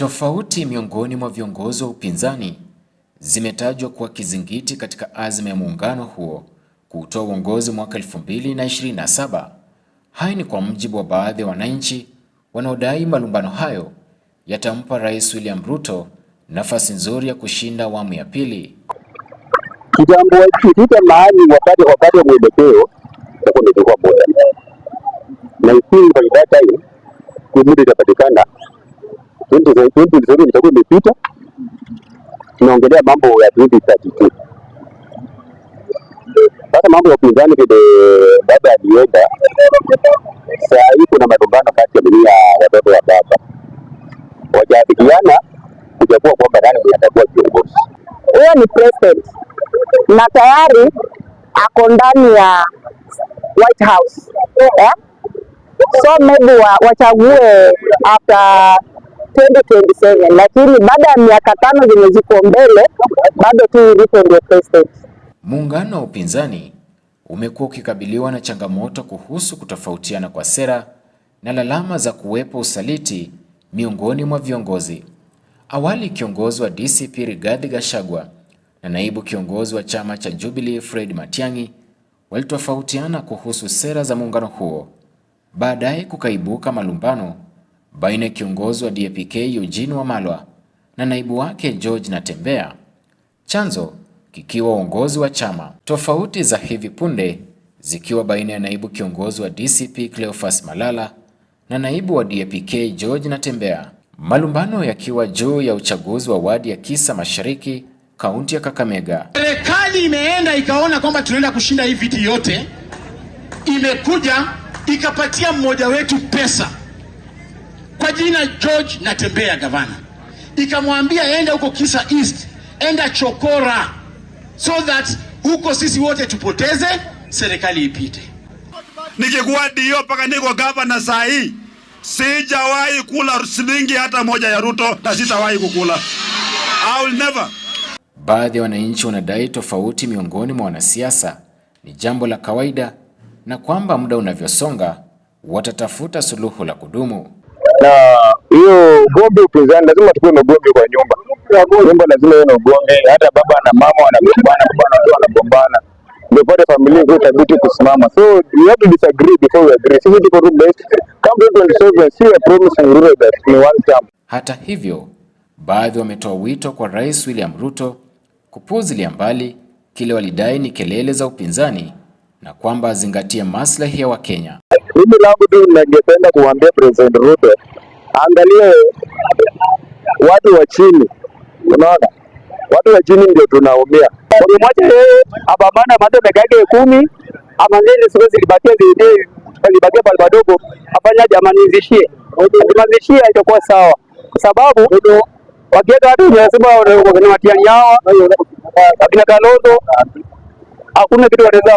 Tofauti miongoni mwa viongozi wa upinzani zimetajwa kuwa kizingiti katika azma ya muungano huo kutoa uongozi mwaka 2027. Haya ni kwa mujibu wa baadhi ya wananchi wanaodai malumbano hayo yatampa Rais William Ruto nafasi nzuri ya kushinda awamu ya pili. Kitambo ikifika mahali wakati wakati wa mwelekeo huko ndio kwa bora. Na hii kwa time kumudi itapatikana 2027 itakuwa imepita, tunaongelea mambo ya 2032. Sasa mambo ya upinzani vile baba aliweka, saa hii kuna malumbano kati ya mimi ya watoto wa baba, wajaafikiana kuchagua kwamba nani atakuwa kiongozi. Huyo ni president na tayari ako ndani ya White House, yeah? so maybe wachague after 2027 lakini baada ya miaka tano zenye ziko mbele bado tu ilipo ndio president. Muungano wa upinzani umekuwa ukikabiliwa na changamoto kuhusu kutofautiana kwa sera na lalama za kuwepo usaliti miongoni mwa viongozi. Awali kiongozi wa DCP Rigathi Gachagua na naibu kiongozi wa chama cha Jubilee Fred Matiang'i walitofautiana kuhusu sera za muungano huo. Baadaye kukaibuka malumbano baina ya kiongozi wa DAP-K Eugene Wamalwa na naibu wake George Natembeya, chanzo kikiwa uongozi wa chama, tofauti za hivi punde zikiwa baina ya naibu kiongozi wa DCP Cleophas Malala na naibu wa DAP-K George Natembeya, malumbano yakiwa juu ya uchaguzi wa wadi ya Kisa Mashariki, kaunti ya Kakamega. Serikali imeenda ikaona kwamba tunaenda kushinda hii viti yote, imekuja ikapatia mmoja wetu pesa kwa jina George Natembeya, gavana, ikamwambia enda huko Kisa East, enda Chokora, so that huko sisi wote tupoteze, serikali ipite. Nikikuwa dio mpaka niko gavana saa hii sijawahi kula shilingi hata moja ya Ruto na sitawahi kukula. I will never. Baadhi ya wananchi wanadai tofauti miongoni mwa wanasiasa ni jambo la kawaida na kwamba muda unavyosonga watatafuta suluhu la kudumu na hiyo ugombe upinzani, lazima tukuwe na ugombe kwa nyumba. Nyumba lazima iwe na ugombe, hata baba na mama wanagombana, baba na mtoto wanagombana, ndio pale familia iko thabiti kusimama. So we have to disagree before we agree. Sisi tuko rule based, come 2027 si a ni rule that ni one term. Hata hivyo, baadhi wametoa wito kwa Rais William Ruto kupuzilia mbali kile walidai ni kelele za upinzani na kwamba azingatie maslahi ya Wakenya. Mimi langu tu ningependa kuambia President Ruto angalie watu wa chini, unaona watu wa chini ndio tunaumia. Ukimwacha yeye apambana madebe gake kumi ama nini, siwezi libakia zidi libakia pale padogo, afanya jamani, zishie zimazishie, itakuwa sawa, kwa sababu wakiweka watu lazima wakina Watianyawa wakina Kalonzo hakuna kitu wanaweza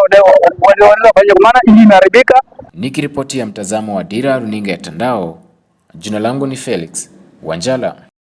wanaweza fanya, kwa maana hii imeharibika. Nikiripoti ya mtazamo wa Dira Runinga ya Tandao, jina langu ni Felix Wanjala.